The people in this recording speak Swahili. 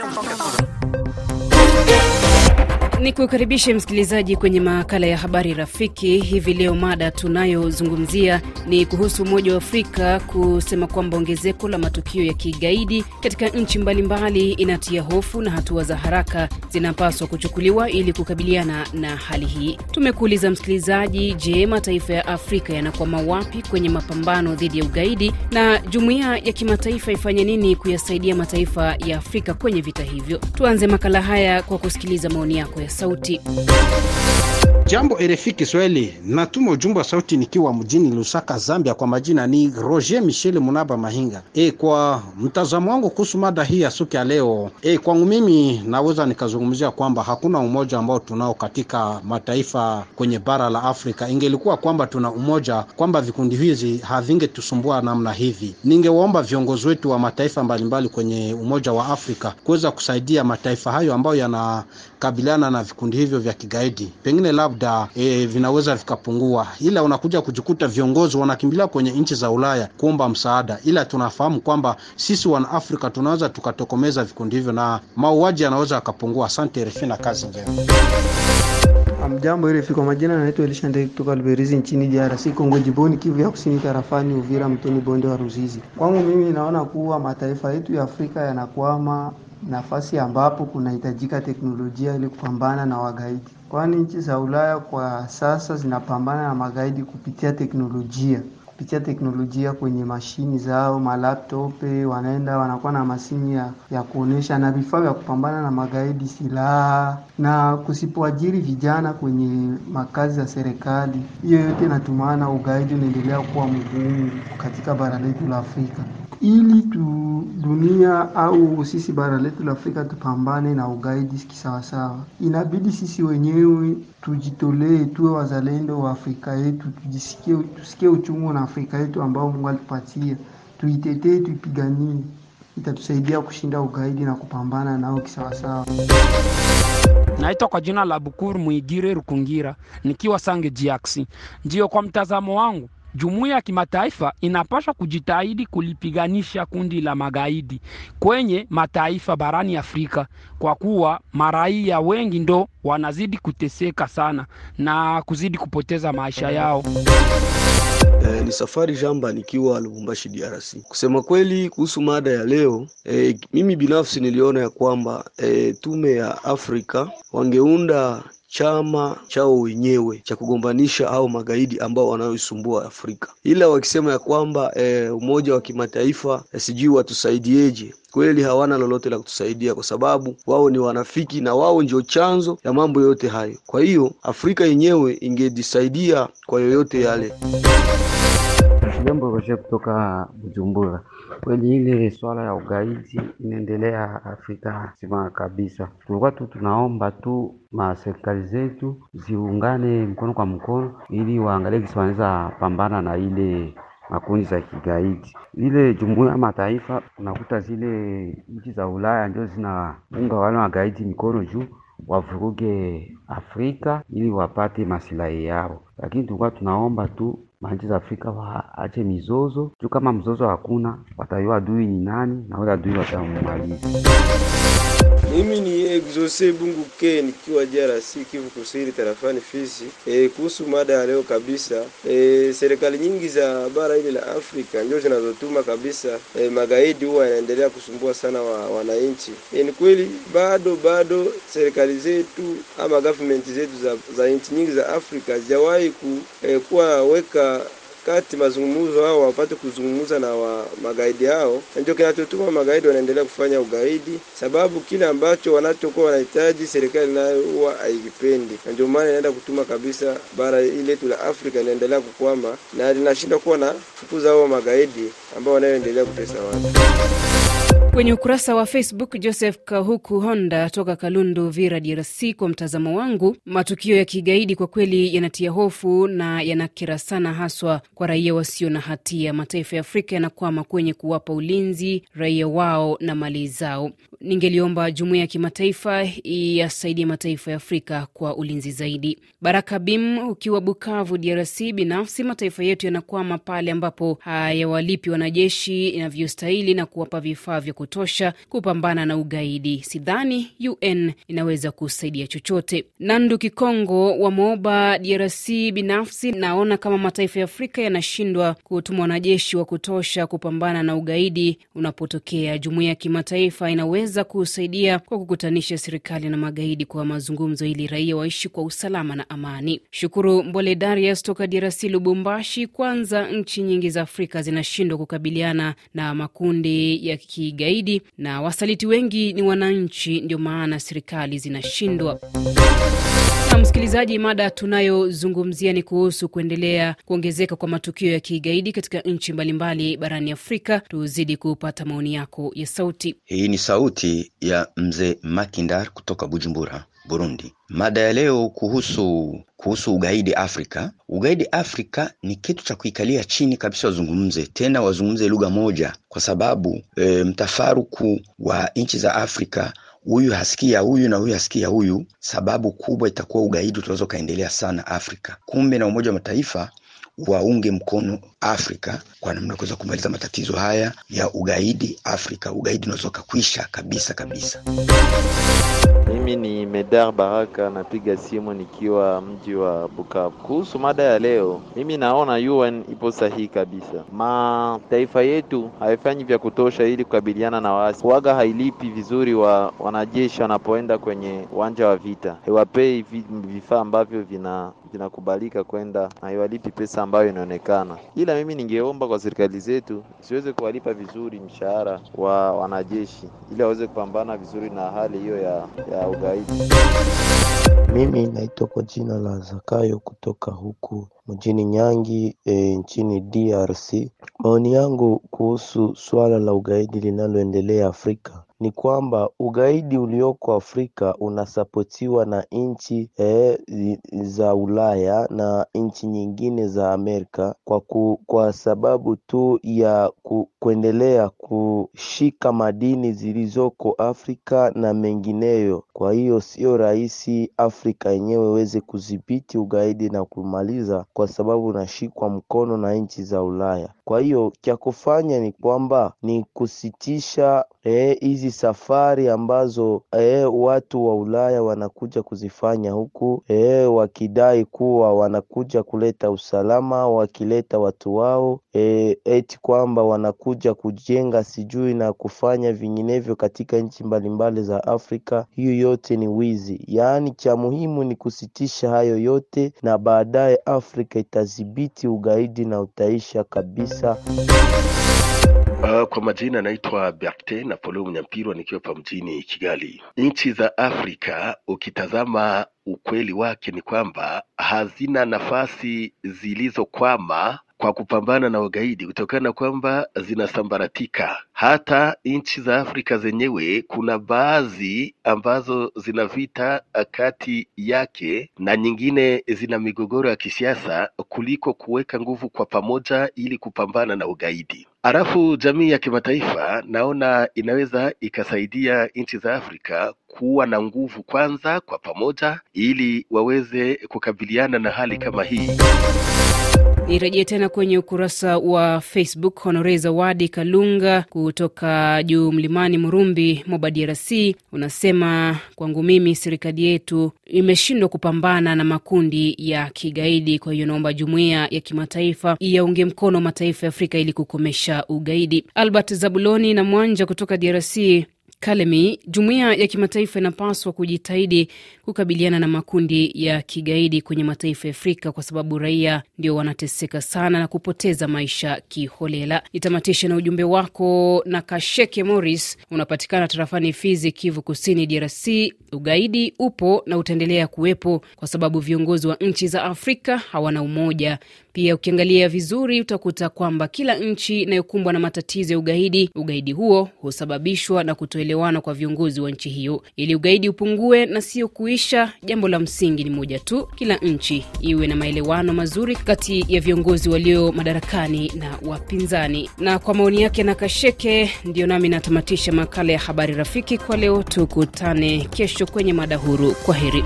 Rádio Qualquer Coisa. Ni kukaribishe msikilizaji kwenye makala ya habari rafiki. Hivi leo mada tunayozungumzia ni kuhusu Umoja wa Afrika kusema kwamba ongezeko la matukio ya kigaidi katika nchi mbalimbali inatia hofu na hatua za haraka zinapaswa kuchukuliwa ili kukabiliana na hali hii. Tumekuuliza msikilizaji, je, mataifa ya Afrika yanakwama wapi kwenye mapambano dhidi ya ugaidi na jumuiya ya kimataifa ifanye nini kuyasaidia mataifa ya Afrika kwenye vita hivyo? Tuanze makala haya kwa kusikiliza maoni yako ya sauti. Jambo RFI Kiswahili, natuma ujumbe wa sauti nikiwa mjini Lusaka, Zambia. Kwa majina ni Roger Michel Munaba Mahinga. E, kwa mtazamo wangu kuhusu mada hii ya siku ya leo, e, kwangu mimi naweza nikazungumzia kwamba hakuna umoja ambao tunao katika mataifa kwenye bara la Afrika. Ingelikuwa kwamba tuna umoja, kwamba vikundi hizi havingetusumbua namna hivi. Ningewaomba viongozi wetu wa mataifa mbalimbali kwenye Umoja wa Afrika kuweza kusaidia mataifa hayo ambayo yanakabiliana na vikundi hivyo vya kigaidi, pengine labda labda e, vinaweza vikapungua, ila unakuja kujikuta viongozi wanakimbilia kwenye nchi za Ulaya kuomba msaada, ila tunafahamu kwamba sisi wana Afrika tunaweza tukatokomeza vikundi hivyo na mauaji yanaweza yakapungua. Asante RFI na kazi njema. Amjambo RFI, kwa majina naitwa Elisha Ndege kutoka Luberizi nchini DRC Kongo, jimboni Kivu ya Kusini, tarafani Uvira, Mtoni, bonde wa Ruzizi. Kwangu mimi naona kuwa mataifa yetu ya Afrika yanakwama nafasi ambapo kunahitajika teknolojia ili kupambana na wagaidi, kwani nchi za Ulaya kwa sasa zinapambana na magaidi kupitia teknolojia kupitia teknolojia kwenye mashini zao, malaptope, wanaenda wanakuwa na masini ya, ya kuonyesha na vifaa vya kupambana na magaidi, silaha. Na kusipoajiri vijana kwenye makazi za serikali, hiyo yote inatumana ugaidi unaendelea kuwa mgumu katika bara letu la Afrika ili tu dunia au sisi bara letu la Afrika tupambane na ugaidi kisawasawa, inabidi sisi wenyewe tujitolee, tuwe wazalendo wa Afrika yetu, tujisikie, tusikie uchungu na Afrika yetu ambao Mungu alitupatia, tuitetee, tuipiganie. Itatusaidia kushinda ugaidi na kupambana nao kisawasawa. Naitwa kwa jina la Bukuru Mwigire Rukungira nikiwa Sange Jiaksi. Ndio, kwa mtazamo wangu Jumuiya ya kimataifa inapaswa kujitahidi kulipiganisha kundi la magaidi kwenye mataifa barani Afrika, kwa kuwa maraia wengi ndo wanazidi kuteseka sana na kuzidi kupoteza maisha yao. Eh, ni Safari Jamba nikiwa Lubumbashi DRC. Kusema kweli kuhusu mada ya leo eh, mimi binafsi niliona ya kwamba eh, tume ya Afrika wangeunda chama chao wenyewe cha kugombanisha au magaidi ambao wanaoisumbua Afrika, ila wakisema ya kwamba e, umoja wa kimataifa e, sijui watusaidieje kweli hawana lolote la kutusaidia kwa sababu wao ni wanafiki na wao ndio chanzo ya mambo yote hayo. Kwa hiyo Afrika yenyewe ingejisaidia kwa yoyote yale jambo Roger kutoka Bujumbura. Kweli ile swala ya ugaidi inaendelea Afrika nzima kabisa. Tulikuwa tu tunaomba tu maserikali zetu ziungane mkono kwa mkono, ili waangalie kisi wanaweza pambana na ile makundi za kigaidi. Ile jumuiya ya mataifa, unakuta zile nchi za Ulaya ndio zinaunga wale magaidi mikono juu wavuruge Afrika ili wapate masilahi yao, lakini tulikuwa tunaomba tu manchi za Afrika waache mizozo tu. kama mzozo hakuna, watayua adui ni nani na wale adui watamaliza. Mimi ni Exose Bungu Ke nikiwa DRC Kivu Kusini tarafani Fizi. E, kuhusu mada ya leo kabisa, e, serikali nyingi za bara hili la Afrika ndio zinazotuma kabisa. E, magaidi huwa yanaendelea kusumbua sana wa, wananchi. E, ni kweli bado bado serikali zetu ama government zetu za, za nchi nyingi za Afrika zijawahi ku, e, kuwa weka kati mazungumzo hao wapate kuzungumza na wa magaidi hao, ndio kinachotuma magaidi wanaendelea kufanya ugaidi, sababu kile ambacho wanachokuwa wanahitaji serikali nayo huwa haikipendi, na ndio maana inaenda kutuma kabisa bara hili letu la Afrika inaendelea kukwama na linashindwa kuwa na kukuza hao magaidi ambao wanayoendelea kutesa watu. Kwenye ukurasa wa Facebook, Joseph Kahuku Honda toka Kalundu, Vira, DRC. Kwa mtazamo wangu, matukio ya kigaidi kwa kweli yanatia hofu na yanakera sana, haswa kwa raia wasio na hatia. Mataifa ya Afrika yanakwama kwenye kuwapa ulinzi raia wao na mali zao. Ningeliomba jumuiya ya kimataifa iyasaidia mataifa ya Afrika kwa ulinzi zaidi. Baraka Bim ukiwa Bukavu, DRC. Binafsi, mataifa yetu yanakwama pale ambapo hayawalipi wanajeshi inavyostahili na kuwapa vifaa vya kutosha kupambana na ugaidi. Sidhani UN inaweza kusaidia chochote. Nandu Kikongo wa Moba, DRC: binafsi naona kama mataifa ya Afrika yanashindwa kutuma wanajeshi wa kutosha kupambana na ugaidi unapotokea. Jumuiya ya kimataifa inaweza kusaidia kwa kukutanisha serikali na magaidi kwa mazungumzo, ili raia waishi kwa usalama na amani. Shukuru Mbole Darius toka DRC, Lubumbashi. Kwanza nchi nyingi za Afrika zinashindwa kukabiliana na makundi ya kigaidi ugaidi, na wasaliti wengi ni wananchi, ndio maana serikali zinashindwa. Msikilizaji, mada tunayozungumzia ni kuhusu kuendelea kuongezeka kwa matukio ya kigaidi katika nchi mbalimbali barani Afrika. Tuzidi kupata maoni yako ya sauti. Hii ni sauti ya mzee Makindar kutoka Bujumbura, Burundi. Mada ya leo kuhusu kuhusu ugaidi Afrika. Ugaidi Afrika ni kitu cha kuikalia chini kabisa, wazungumze tena, wazungumze lugha moja, kwa sababu e, mtafaruku wa nchi za Afrika huyu hasikia huyu na huyu hasikia huyu, sababu kubwa itakuwa ugaidi utaweza ukaendelea sana Afrika. Kumbe na Umoja wa Mataifa waunge mkono Afrika kwa namna kuweza kumaliza matatizo haya ya ugaidi Afrika. Ugaidi unaweza kukwisha kabisa kabisa. Mimi ni Medar Baraka, napiga simu nikiwa mji wa Bukavu. Kuhusu mada ya leo, mimi naona UN ipo sahihi kabisa. Mataifa yetu haifanyi vya kutosha ili kukabiliana na waasi, waga hailipi vizuri wa wanajeshi wanapoenda kwenye uwanja wa vita, hewapei vifaa ambavyo vina zinakubalika kwenda, haiwalipi pesa ambayo inaonekana. Ila mimi ningeomba kwa serikali zetu siweze kuwalipa vizuri mshahara wa wanajeshi, ili waweze kupambana vizuri na hali hiyo ya, ya ugaidi. Mimi naitwa kwa jina la Zakayo kutoka huku mjini Nyangi e, nchini DRC. Maoni yangu kuhusu suala la ugaidi linaloendelea Afrika ni kwamba ugaidi ulioko Afrika unasapotiwa na nchi eh, za Ulaya na nchi nyingine za Amerika kwa, ku, kwa sababu tu ya ku, kuendelea kushika madini zilizoko Afrika na mengineyo. Kwa hiyo sio rahisi Afrika yenyewe iweze kudhibiti ugaidi na kumaliza, kwa sababu unashikwa mkono na nchi za Ulaya kwa hiyo cha kufanya ni kwamba ni kusitisha eh, hizi e, safari ambazo e, watu wa Ulaya wanakuja kuzifanya huku e, wakidai kuwa wanakuja kuleta usalama, wakileta watu wao e, eti kwamba wanakuja kujenga sijui na kufanya vinginevyo katika nchi mbalimbali za Afrika. Hiyo yote ni wizi. Yaani cha muhimu ni kusitisha hayo yote, na baadaye Afrika itadhibiti ugaidi na utaisha kabisa kabisa. Uh, kwa majina naitwa Berte Napoleo Mnyampirwa nikiwa pa mjini Kigali. Nchi za Afrika ukitazama ukweli wake ni kwamba hazina nafasi zilizokwama kwa kupambana na ugaidi kutokana na kwamba zinasambaratika. Hata nchi za Afrika zenyewe kuna baadhi ambazo zina vita eh, kati yake na nyingine zina migogoro ya kisiasa kuliko kuweka nguvu kwa pamoja ili kupambana na ugaidi. Halafu jamii ya kimataifa naona inaweza ikasaidia nchi za Afrika kuwa na nguvu kwanza kwa pamoja ili waweze kukabiliana na hali kama hii. Nirejee tena kwenye ukurasa wa Facebook. Honore Zawadi Kalunga kutoka juu mlimani Murumbi, Moba, DRC, unasema kwangu mimi serikali yetu imeshindwa kupambana na makundi ya kigaidi. Kwa hiyo naomba jumuiya ya kimataifa yaunge mkono mataifa ya Afrika ili kukomesha ugaidi. Albert Zabuloni na Mwanja kutoka DRC Kalemi, jumuiya ya kimataifa inapaswa kujitahidi kukabiliana na makundi ya kigaidi kwenye mataifa ya Afrika kwa sababu raia ndio wanateseka sana na kupoteza maisha kiholela. Nitamatisha na ujumbe wako na Kasheke Morris, unapatikana tarafani Fizi, Kivu Kusini, DRC. Ugaidi upo na utaendelea kuwepo kwa sababu viongozi wa nchi za Afrika hawana umoja. Pia ukiangalia vizuri utakuta kwamba kila nchi inayokumbwa na matatizo ya ugaidi, ugaidi huo husababishwa na kutoelewana kwa viongozi wa nchi hiyo. Ili ugaidi upungue na sio kuisha, jambo la msingi ni moja tu, kila nchi iwe na maelewano mazuri kati ya viongozi walio madarakani na wapinzani. Na kwa maoni yake na Kasheke, ndiyo nami natamatisha makala ya habari rafiki kwa leo. Tukutane kesho kwenye mada huru. Kwa heri.